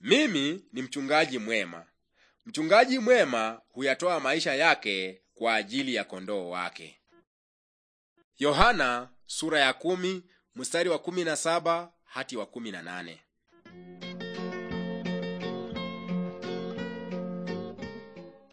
Mimi ni mchungaji mwema. Mchungaji mwema huyatoa maisha yake kwa ajili ya kondoo wake. Yohana sura ya kumi mstari wa kumi na saba wa